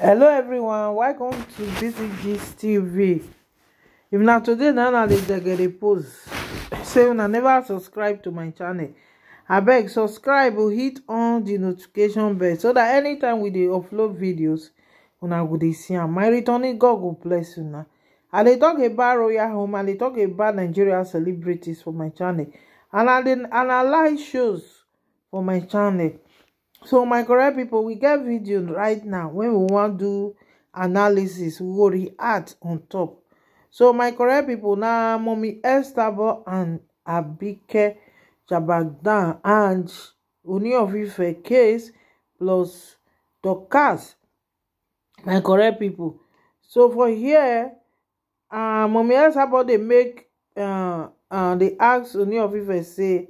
hello everyone welcome to bcgs tv if not today na na dey degere post say una never subscribe to my channel I beg subscribe or hit on the notification bell so that anytime we dey upload videos una go dey see am my returning god will bless una i dey talk about royal home i dey talk about Nigerian celebrities for my channel and i dey analyze shows for my channel so my correct people, we get video right now when we wan do analysis we go react on top so my correct people, now mommy estabo and abike jabagdan and oni of ife case plus dorcas my correct people. so for here uh, mommy estabo they make uh, uh, dey ask oni of ife say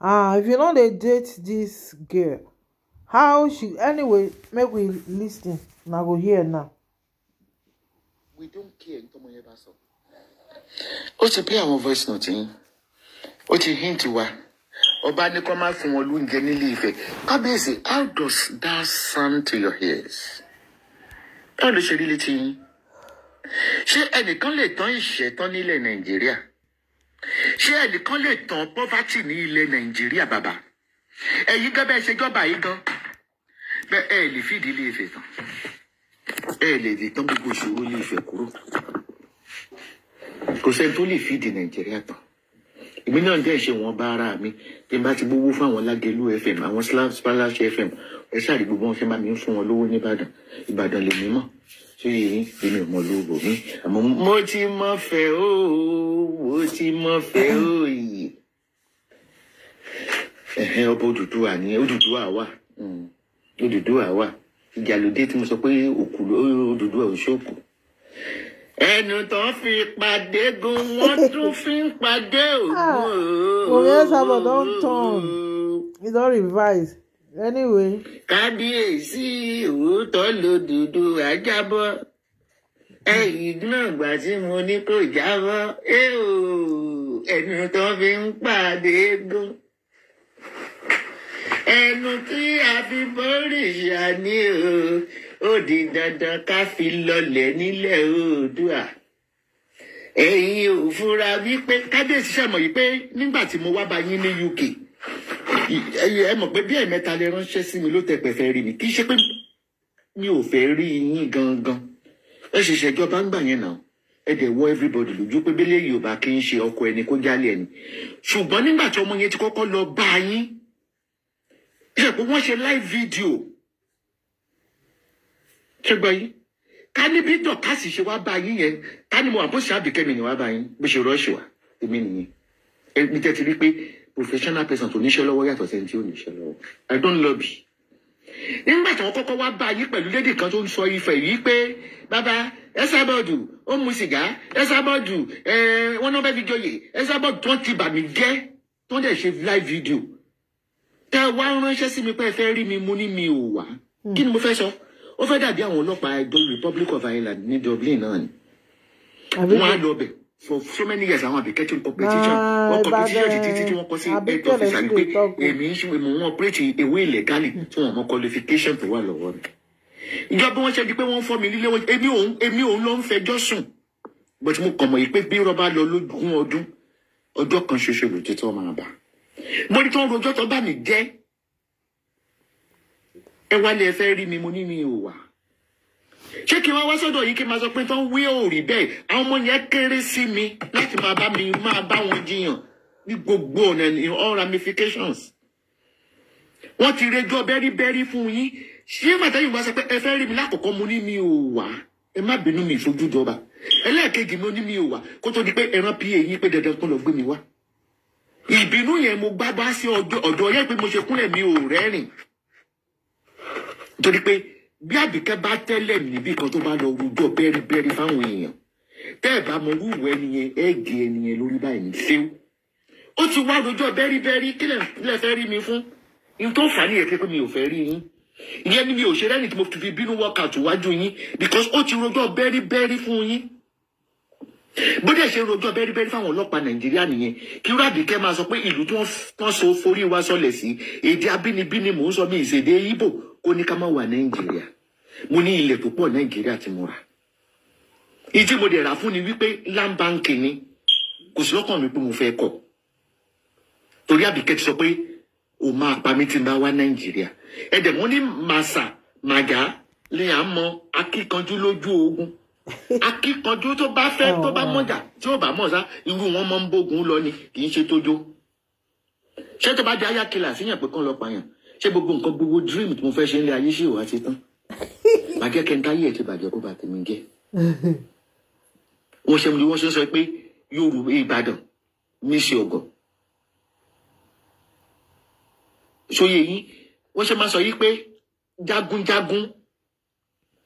ah, if you know they date this girl how she anyway make we lis ten na go hear now. we don care ntọ́mọ yẹn bá sọ. ó ti pé àwọn voice note yín ó ti hint wa ọba ní kó má fún wọn lóúnjẹ nílé Ifẹ̀ kábíyèsí how does that sound to your ears báwo ló ṣe rí létí yín ṣé ẹnìkan lè tán ìṣẹ̀tàn nílẹ̀ Nàìjíríà ṣé ẹnìkan lè tán poverty ní ilẹ̀ Nàìjíríà bàbá ẹ̀yin gẹ́gẹ́ bẹ́ẹ̀ ṣe jọba yìí gan-an bẹ́ẹ̀ ẹ lè fìdí ilé Ifẹ̀ tán ẹ lè lè tán gbogbo ìṣòro ilé Ifẹ̀ kúrò kò sẹ́ni tó lè fìdí Nàìjíríà tán èmi náà dẹ́ ṣe wọn bá ara mi tí n bá ti gbowó fáwọn Lágelú FM àwọn Splash FM ẹ ṣáà rí gbogbo wọn fẹ́ bá mi fún wọn lówó nìbàdàn Ìbàdàn lèmi mọ̀ ṣé yìí èmi ò mọ lóògbò mi àmọ́ mo ti mọ̀ fẹ́ o mo ti mọ̀ fẹ́ o yìí ẹ̀hẹ́ ọba Odùduwà ni Odùduwà wà. Hmm. Odùduwà wà ìjàlódé tí mo sọ pé òkú Odùduwà ò ṣòkò. ẹnu tó fi pàdé gun wọ́n tún fi ń pàdé ògùn. òye ah, sábà don turn he don revise anyway. kábíyèsí òótọ́ lódodo àjábọ̀ ẹ̀yìn náà gbà tí mo ní kò jábọ̀ ẹnu tó fi ń pàdé gun ẹnu tí a fi bọ́rìṣà ní o ó di dandan ká fi lọlẹ̀ nílẹ̀ oòdùà ẹ̀yin ò fura wípé kábíyèsí ṣàmọ̀ yìí pé nígbà tí mo wá bá yín ní UK ẹ mọ̀ pé bí ẹ̀mẹ́ta lè ránṣẹ́ sí mi ló tẹ̀pẹ̀ fẹ́ rí mi kì í ṣe pé mi ò fẹ́ rí yín gangan ẹ ṣẹ̀ṣẹ̀ jọba ń gbà yẹn náà ẹ dẹ̀ wọ everybody lójú pé bẹ́lẹ̀ yorùbá kì í ṣe ọkọ ẹni kó jálẹ̀ ẹni ṣùgbọ́n nígbà tí ọmọ yẹn ti kọ́kọ́ lọ bá yín pé wọ́n ṣe live video ṣùgbọ́n yìí ká ní bí dọ̀kásì ṣe wá bá yín yẹn ká ní mo àbóṣe àbíkẹ́mi ni wá bá yín bó ṣe rọ́ọ̀ṣì wá èmi nìyẹn èmi tẹ́ ti rí pé professional person tó níṣẹ́ lọ́wọ́ yàtọ̀ sẹ́ni tí ò níṣẹ́ lọ́wọ́ I don't lobby nígbà tí wọn kọ́kọ́ wá bá yín pẹ̀lú lédè kan tó ń sọ Ifẹ̀ yìí pé bàbá Ẹsábọọdù ó mu sìgá Ẹsábọọdù ẹ wọn náà bẹ fi jọyè Ẹsábọọdù tó ń ti bà mí jẹ́ tó ń dẹ̀ ṣe live video tẹ wá ránṣẹ́ sí mi pé ẹ fẹ́ rí mi mú ní mi ò wá hmm. kí ni mo fẹ́ sọ ó fẹ́ dàbí àwọn ọlọ́pàá ẹgbẹ́ Republic of Ireland ní Dublin náà ni wọ́n á lọ bẹ̀ for so many years àwọn àbíkẹ́tì competition ah, wọ́n competition títí títí wọ́n kọ́ sí head officer wípé èmi ń ṣe èmi wọ́n operate ewé ilẹ̀gálì tí wọ́n mọ qualification tó wà lọ́wọ́ mi ìjọba wọn ṣe di pé wọ́n fọ́ mi nílé wọn èmi òun èmi òun ló ń fẹjọ́ sùn but mo kàn mọ̀ yìí pé bí rọ́bà lọ lógún ọdún ọjọ́ kan ṣoṣo lòtítọ́ máa bà á mo ní tí wọ́n rojọ́ tó bá mi jẹ́ ẹ wá ní ẹ fẹ́ rí mi mo ní mi ò wà ṣé kí n wá wá sọ́dọ̀ yìí kí n máa sọ pé tó ń wí òòrì bẹ́ẹ̀ àwọn ọmọ yẹn kéré sí mi láti máa bá mi máa bá wọn jiyàn ní gbogbo ọ̀nà in all ramifications wọ́n ti rejọ́ bẹ́rìbẹ́rì fún yín ṣé màtáyìn wá sọ pé ẹ fẹ́ rí mi lákòókò mo ní mi ò wà ẹ má bínú mi ìṣojú jọba ẹlẹ́ẹ̀kejì mo ní mi ò wà kó tó di pé ẹran pa èyí pé dandan kó lọ gbé mi wá ìbínú yẹn mo gbá bá sí ọ̀dọ̀ ọyẹ pé mo ṣe kúnlẹ̀ mi ò rẹ́rìn torí pé bí àbíkẹ́ bá tẹ́lẹ̀ níbí kan tó bá lọ rújọ bẹ́rìbẹ́rì fáwọn èèyàn tẹ́ ẹ̀ bá mọ wúwo ẹni yẹn ẹ̀ lórí báyìí ní ṣéw ó ti wá rújọ bẹ́rìbẹ́rì kí lẹ fẹ́ rí mi fún ní tó fà á nìyẹn pé mi ò fẹ́ rí yín ìyẹn ni mi ò ṣe rẹ́rìn tí mo fi bínú wọ́kà tó wájú yín because ó ti rújọ bẹ́rìbẹ́rì fún yín bó dẹ̀ ṣe rojọ́ bẹ́rìbẹ́rì fáwọn ọlọ́pàá nàìjíríà nìyẹn kí rádìkẹ́ máa sọ pé ìlú tí wọ́n so forí wa sọlẹ̀ sí èdè abínibí ni mò ń sọ mí ìṣèdè ibo kó ní ká má wà nàìjíríà mo ní ilẹ̀ tó pọ̀ nàìjíríà tí mo rà ìdí mo dẹ̀ rà fún ni wípé land bank ni kò sí lọ́kàn mi pé mo fẹ́ kọ̀ torí àbíkẹ́ ti sọ pé o máa pa mí tí n wá nàìjíríà ẹ̀dẹ̀ mo ní màsà màgá ni à ń mọ akíkanjú lójú ogun akíkanjú tó bá fẹ́ tó bá oh. mọ̀jà tí ò bá mọ̀ sá irú wọn máa ń bógun lọ ni kì í ṣe tójó ṣé tó bá di aya kìlà síyàn pé kán lọ pààyàn ṣé gbogbo nǹkan gbogbo dream tí mo fẹ́ ṣe ń lé ayé ṣì wá sí tán bàjẹ́ kẹntáyé ẹ̀ ti bàjẹ́ kó bá tèmi jẹ́ wọ́n ṣe ni wọ́n ṣe ń sọ pé Yorùbá Ìbàdàn ní ṣe ọ̀gọ̀ ṣòye yìí wọ́n ṣe máa sọ yìí pé jagunjagun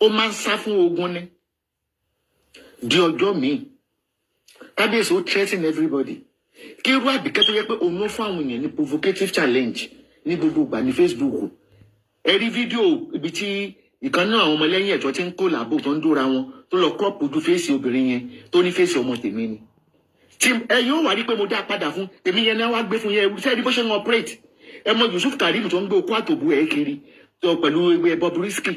ó máa ń sá fún ogun ni di ọjọ́ míì kábíyèsí ó threaten everybody kí irú àbíkẹ́ tó yẹ pé òun ló fún àwọn èèyàn ní provocative challenge ní gbogbo ìgbà ní Facebook ẹ rí fídíò ibi tí ìkan náà àwọn ọmọlẹ́yìn ẹ̀jọ́ ti ń kó làbò tó ń dóra wọn tó lọ kọ́ọ̀pù ojú fèsì obìnrin yẹn tó ní fèsì ọmọ tèmi ni tí ẹ yóò wá rí pé mo dá padà fún tèmi yẹn náà wá gbé fún yẹn sẹ́ẹ̀dí bó ṣe ń operate ẹ mọ Yusuf Karim tó ń gbé okó àtòbù ẹ̀ kiri tó pẹ̀lú ẹgbẹ́ Bobrisky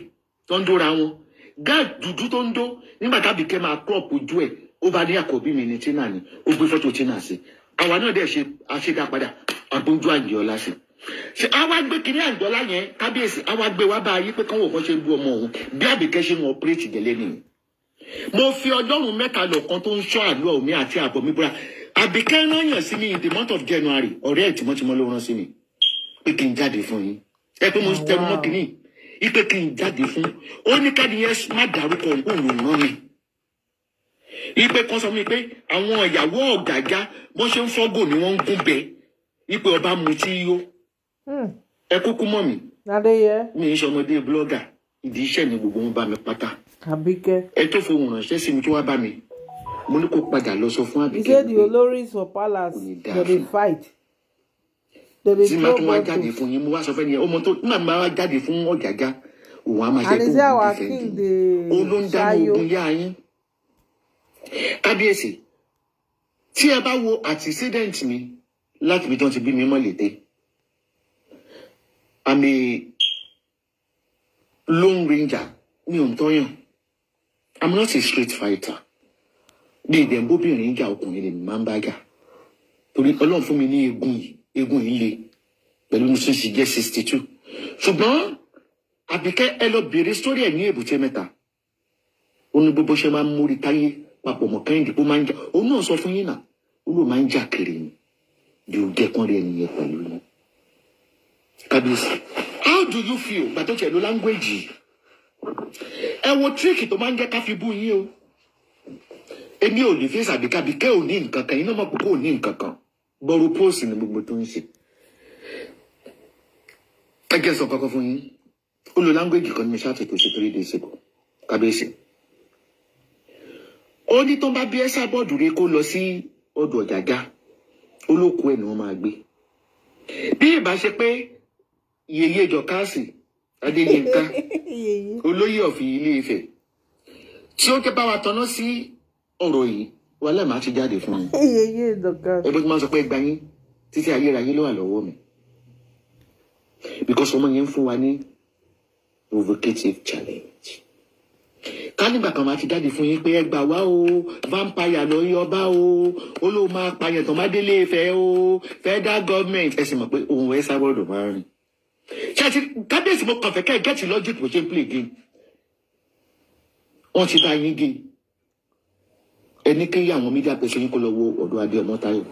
tó ń dóra wọn gáà dúdú tó ń dó nígbà tábì kẹ́ máa crop ojú ẹ̀ ó bá ní àkọ́bí mi ní tina ni ó gbé fọ́tò tina sí àwa náà dẹ̀ ṣe àṣekà padà àgbójú àǹjọ́lá sí ṣe àwa gbé kiri àǹjọ́lá yẹn kábíyèsí àwa gbé wá bá ayé pé káwọn kan ṣe ń bú ọmọ òun bí àbíkẹ́ ṣe ń ọpẹ́rẹ́tì gẹ́lẹ́ nìyẹn mo fi ọjọ́rùn mẹ́ta lọ̀kan tó ń ṣọ́ àlọ́ òmi àti àbọ̀ mi búra àbíkẹ́ rán yàn sí mi in the month of January ọ̀rẹ́ ẹ̀ tìmọ́tìmọ́ ló rán sí mi pé kí n jáde fún yín ẹ pé mo ń tẹnu mọ́ kínní ipe kí n jáde fún ó ní kẹ́ni yẹn má dárúkọ òun ò rán ipe kan sọ mi pé àwọn ìyàwó ọ̀gàgà bọ́n ṣe ń fọ́gò ni wọ́n ń gún bẹ ipe ọba mutí yó hmm. ẹ kúkú mọ̀ mí mi ń ṣọmọdé blọ́gà ìdí iṣẹ́ mi gbogbo wọn bá mi pátá ẹ tó fohùn ránṣẹ́ sí mi tó wá bá mi mo ní kó padà lọ sọ fún Àbíkẹ́. he said the olórí is for palace for the fight tí màá tún wá jáde fún yín mo wá sọ fẹ́ ni ọmọ tó náà máa wá jáde fún ọ̀gàgà òun á máa jẹ́ kó òun dìfẹ́ǹdì òun ló ń ogun yá yín. kábíyèsí tí ẹ bá wo àtisídẹ́ǹtì mi láti ibi tí wọ́n ti bí mi mọ́lẹ̀ dé àmì lone ranger mi ò ń tọ́yàn i'm not a street fighter bí ìdẹ̀mbóbìnrin jà ọkùnrin lèmi máa ń bá jà torí ọlọ́run fún mi ní egun yìí egun yìí le pẹ̀lú ní sixty two ṣùgbọ́n àbíkẹ́ ẹ lọ bèrè sórí ẹ̀ ní èbúté mẹ́ta ó ní gbogbo ṣe máa ń múri táyé papọ̀ mọ́ kẹ́hìndé ó máa ń jà òun náà sọ fún yín náà ó lóun máa ń jà kiri ni yóò dẹ́kun rẹ̀ nìyẹn pẹ̀lú yín. kábíyèsí how do you feel gbàtọ́ tiẹ̀ ló language yìí ẹ wo tíríkì tó máa ń jẹ́ ká fi bú yín o èmi ò ní fèsì àbíkábí kẹ́ ò ní nǹkan kan iná mọ̀ pé kò ní nǹkan kan gbọ́rú póòsì ní gbogbo tó ń ṣe ẹgbẹ́ sọ kọ́kọ́ fún yín ó lo láńgbéjì kan ní mi ṣàtètò ṣe three days ago kábíyèsí ó ní tó ń bá bí ẹ sábọ́ọ̀dù rẹ kó lọ sí ọdọ̀ ọ̀jàjá olóko ẹ̀ ni wọ́n máa gbé bí ìbá ṣe pé yèyé jọkáàsì adéyínká olóyè ọ̀fìn ilé Ifẹ̀ tí ó jẹ́ bá wa tọ́ná sí ọ̀rọ̀ yìí wàhálà màá ti jáde fún mi. ẹgbẹ́ tí wọ́n sọ pé gba yín títí ayérayé ló wà lọ́wọ́ mi because ọmọ yẹn ń fún wa ní provocative challenge ká nígbà kan máa ti jáde fún yín pé ẹ gbà wá o vampire ló ń yọba o ó ló máa pààyàn tó má délé ìfẹ́ o federal government ẹ sì mọ̀ pé òun ẹ sá gbọ́dọ̀ máa rìn ṣáàtì kábíyèsí mo kàn fẹ́ kẹ́ ẹ gẹ́tì logic bó ṣe ń play game wọ́n ti bá yín game ẹni kéye àwọn media pèsè yín kó lọ wo ọ̀dọ̀ adé ọmọ táyọ̀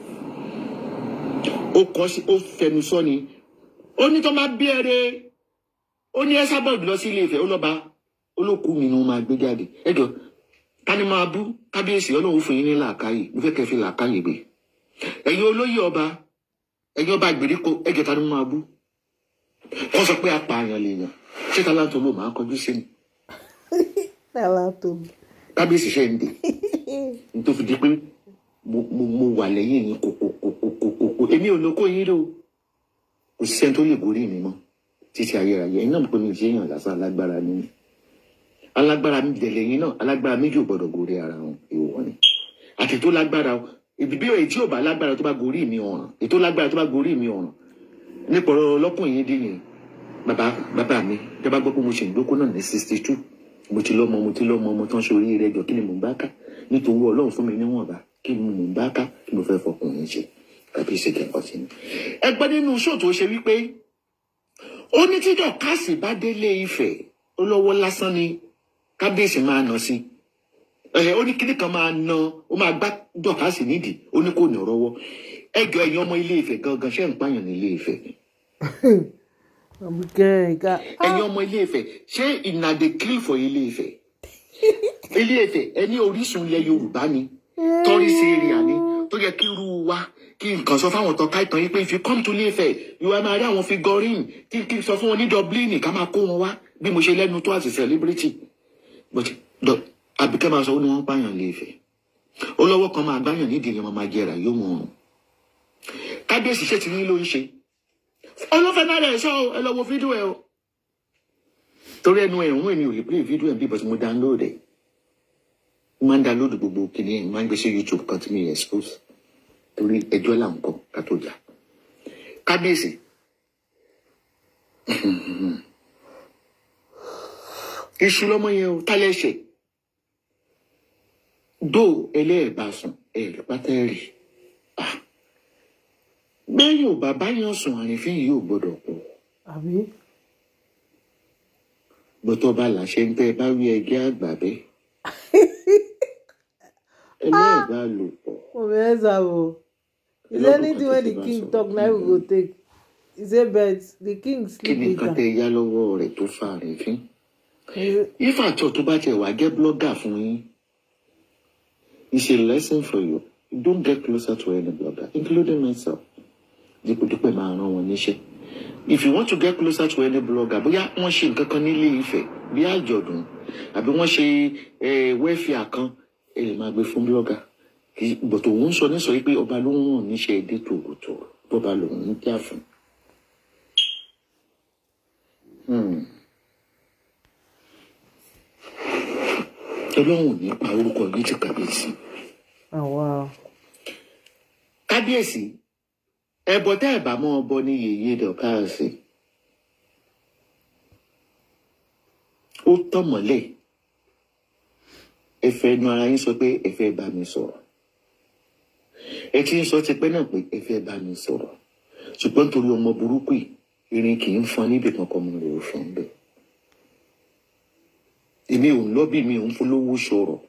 ó kọ́ sí ó fẹnu sọ ni ó ní tó máa bí ẹrẹ ó ní ẹsà bọ́ọ̀dù lọ sí ilé Ifẹ̀ ọlọ́ba olókù mi ni wọ́n máa gbé jáde ẹjọ́ ta ni máa bú kábíyèsí ọlọ́run fún yín ní làákàyè mo fẹ́ kẹ́ làákàyè gbé ẹ̀yin olóyè ọba ẹ̀yin ọba ìgbèríko ẹjọ́ ta máa bú wọ́n sọ pé apààyàn lèèyàn ṣé Tálátolú máa kọjú sí mi. Tálátolú kábíyèsí ṣe ń dè. nítorí fi di pé mo wà lẹ́yìn yín kòkòkòkòkò èmi ò lóko yín lò kò sí ẹni tó lè gorí mi mọ́ títí ayérayé ẹ̀yin náà pé mi ṣe èèyàn lásán alágbára ni alágbára mi dẹ̀lẹ̀ yín náà alágbára méjì ò gbọ́dọ̀ gorí ara wọn èèwọ̀ ni àti tó lágbára ìbí òye tí ò bá lágbára tó bá gorí mi ọ̀ràn ètò lágbára tó bá gorí mi ọ̀ràn nípa ọ̀rọ̀ ọlọ́kùnrin yín dìyìn bàbá bàbá mi tẹ́ bá gbọ́ pé mo ṣe ìgbókò náà ní sixty two mo ti lọ́mọ mo ti lọ́mọ ọmọ tán ṣe oríire ẹjọ́ kí ni mò ń bá ká nítorí ọlọ́run fún mi níwọ̀nba kí ni mò ń bá ká kí mo fẹ́ fọkùnrin ṣe tàbí ṣe kẹ́kọ̀ọ́ sí ni. ẹgbẹ́ nínú ṣó tó ṣe wípé ó ní tí dọ̀kásì bá délé Ifẹ̀ ó lọ́wọ́ lásán ni kábíyèsí máa nà sí ẹ̀ ó ní kíní kan máa nà ó máa gbá dọ̀kásì nídìí ó ní kò ní rọ́wọ́ ẹjọ́ ẹ̀yin ọmọ ilé Ifẹ̀ gangan ṣẹ́ ń pààyàn ní ilé Ifẹ̀ ni. ọmọ ilé Ifẹ̀ ṣé ìnàdé kiri for ilé Ifẹ̀ ilé Ifẹ̀ ẹni orísun ilẹ̀ Yorùbá ni tọ́rí sí èrìà ni tó yẹ kí irú wa kí nǹkan sọ fáwọn tọ́ka ìtàn yín pé if you come to ilé Ifẹ̀ yóò máa rí àwọn figurine kí kí sọ fún wọn ní Dublin ká máa kó wọn wá bí mo ṣe lẹ́nu tó àti celebrity but Àbíkẹ́ máa sọ ó ní wọ́n pààyàn ilé Ifẹ̀ olówó kan máa gbáyàn nídìí ni wọ́n máa jẹrà yóò wọn rùn kábíyèsí ṣètìlú ló ń ṣe ọlọ́fẹ́ náà rẹ̀ ṣọ́ ẹ lọ wo fídíò ẹ o torí ẹnu ẹ̀rún ẹ̀mí ò lè play video ẹ̀ bí but mo download ẹ̀ mo máa ń download gbogbo kìnìún máa ń gbé sí YouTube kan tí mi expose torí ẹjọ́ là ń kọ́ ká tó jà kábíyèsí iṣu lọmọ yẹn o tálẹ̀ ṣe dó ẹlẹ́ẹ̀bàsùn ẹ̀rẹ̀ pátẹ́rì ah. bẹ́ẹ̀ yóò bàbá yẹn sùn àrífín yìí ò gbọ́dọ̀ kú bọ́tọ́ bá làṣẹ ń tẹ́ bá wí ẹgbẹ́ àgbà bẹ́ẹ̀. Emebalopo. Omezawo. He said anything when the king talk na we go take. He say but the king sleep later. Kí ni nǹkan tẹ ya lọ́wọ́ rẹ̀ tó fa rẹ̀ fín? Ifá àtọ̀ tó bá tẹ̀ wá jẹ́ blogger fún yín. It's a lesson for you. Don't get closer to any blogger, including myself. Dípòdípò máa rán wọn níṣẹ́ if you want to get closer to any blogger bóyá wọ́n ṣe nǹkan kan nílé Ifẹ̀ bí àjọ̀dún àbí wọ́n ṣe wẹ́fìà kan ẹ lè máa gbé fún blogger bọ̀tò òun sọ nísọ yìí pé ọba ló ń ràn níṣẹ́ èdè tòótọ́ bọ́ba lòun ń jà fún. Hmm. ọlọ́run ò ní pa orúkọ yìí ti kàbíyèsí. Oh, kàbíyèsí ẹbọ tẹ́ ẹ bá mọ́ ọbọ ní yèyé dọ̀káàsì ó tọ̀mọ́lẹ̀ ẹ̀fẹ́ nu ara yín sọ pé ẹ̀fẹ́ bá mi sọ̀rọ̀ ẹ ti ń sọ tipẹ́ náà pé ẹ̀fẹ́ bá mi sọ̀rọ̀ ṣùgbọ́n torí ọmọ burúkú irin kì í fọn níbi kankan mo lè fọn bẹ́ẹ̀ èmi ò ń lọ́bì mi ò ń polówó sọ̀rọ̀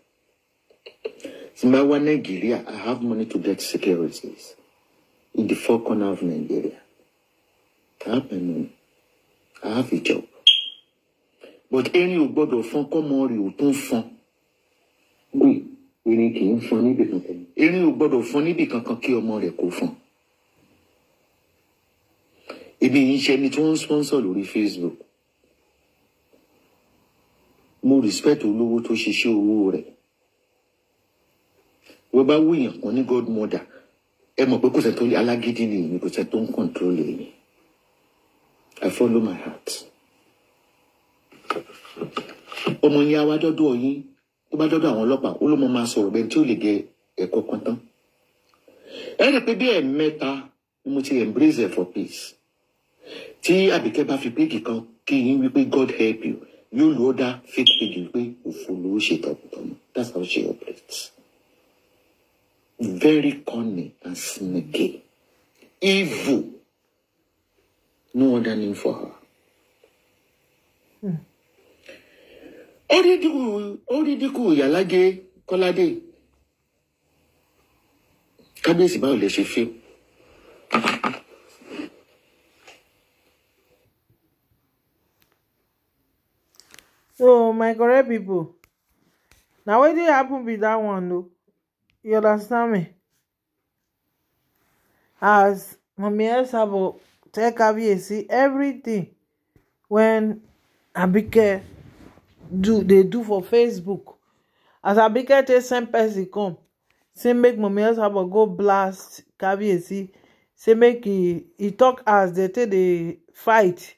tí n bá wá nàìjíríà I have money to get securities in the four corner of Nigeria. happen, I have a job. But ẹni ò gbọ́dọ̀ fọn kọ́mọ rẹ̀ ò tún fọn. we erin kì í fọn because any Erin ò gbọ́dọ̀ fọn níbì kankan kí ọmọ rẹ̀ kò fọn. Ibi yìí ṣe ni tí wọ́n ń sponsor lórí Facebook. Mo respect to tó ṣiṣẹ́ owó rẹ̀. Wọ́n bá wúyàn kan ní godmother ẹ mọ̀ pé kò sẹ́ tó alágídí nìyí kò sẹ́ tó ń kọ̀ǹtrólì yìí I follow my heart. ọmọ yẹn á wá dọ́dọ̀ yín tó bá dọ́dọ̀ àwọn ọlọ́pàá ó ló mọ máa sọ̀rọ̀ bẹ́ẹ̀ tí ó lè gẹ ẹ̀kọ́ kan tán. ẹ rí i pé bí ẹ̀ẹ̀mẹ́ta ni mo ti embrace for peace. tí àbíkẹ́ bá fi péèkì kan kí yín wípé God help you yóò lò ó dá fake page wípé òfò ló ṣe tọkùtọ̀ mọ́ that's how she operates very cunning and sneaky, evil. No other name for her. Hmm. Orídìkù ìyàlájẹ Kọ́ládé. Kábíyèsí báwo lè ṣe fíìmù? so my correct people. pipo na wetin happen with that one though? you understand me as mommy elsa tell kabe si wen abike do dey do for facebook as abike tey send pesin come say make momi elsa go blast kabe say make e, e tok as dem tey dey fight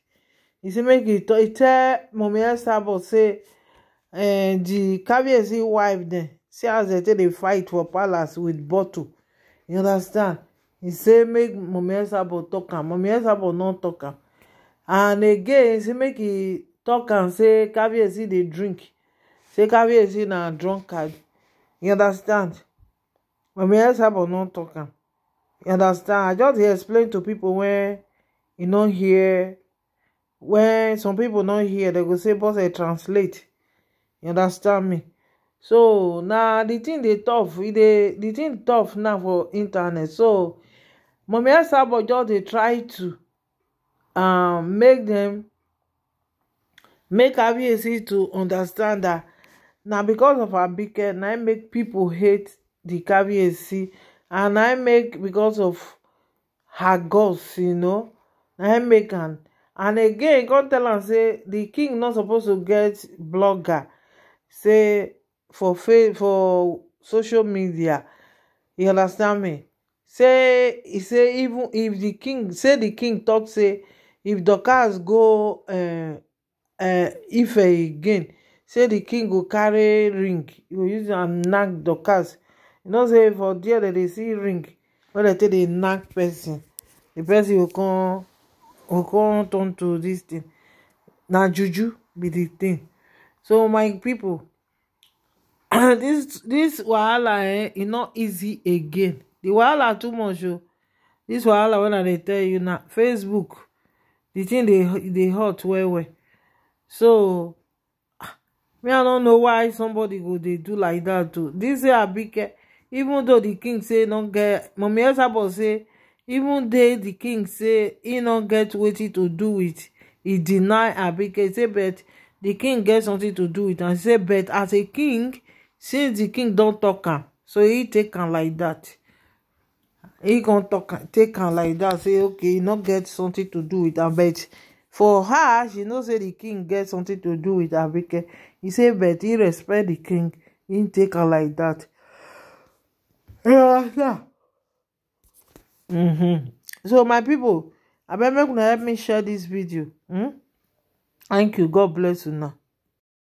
e say make e, e tell momi elsa say eh, di kabe si wife dem. see dem take dey fight for palace wit bottle you understand e say make momi ex tok talk am momi ex-husband no talk am and again say make e talk am sey caboc dey drink sey caboc na drunkard card understand momi ex-husband no talk am you understand i just dey explain to pipo wen e no hear wen some pipo no hear dem go say bose translate you understand me. so na di tin dey tough e di tin tough now for internet so momiasa boy just dey try to um, make dem make kabe to understand that na because of her big head na im make pipo hate di kabe and na im make because of her gods you know na im make am and again e come tell am say di king no suppose to get blogger say. for for social media you understand me say e say even if the king say the king talk say if dorcas go eh, eh, ife again say the king go carry ring e go use am knack dorcas you know say for there dem dey see ring wey dem take dey knack person the person go come go come turn to this thing na juju be the thing so my people. this this wahala eh e not easy again the wahala too much o oh. this wahala When i dey tell you now, facebook the thing they they hurt well well so me i don't know why somebody go they do like that too. Oh. this year abike even though the king say don't get mummy elsabo say even though the king say he don't get wetin to do with he deny abike say but the king get something to do with and say but as a king since the king don't talk am so he take am like that. He e talk, take her like that. say okay e not get something to do with her. but for her she know say the king get something to do with abike He say but he respect the king He take her like that. Yeah. Mm-hmm. so my people, abeg make gonna help me share this video hmm thank you god bless you now.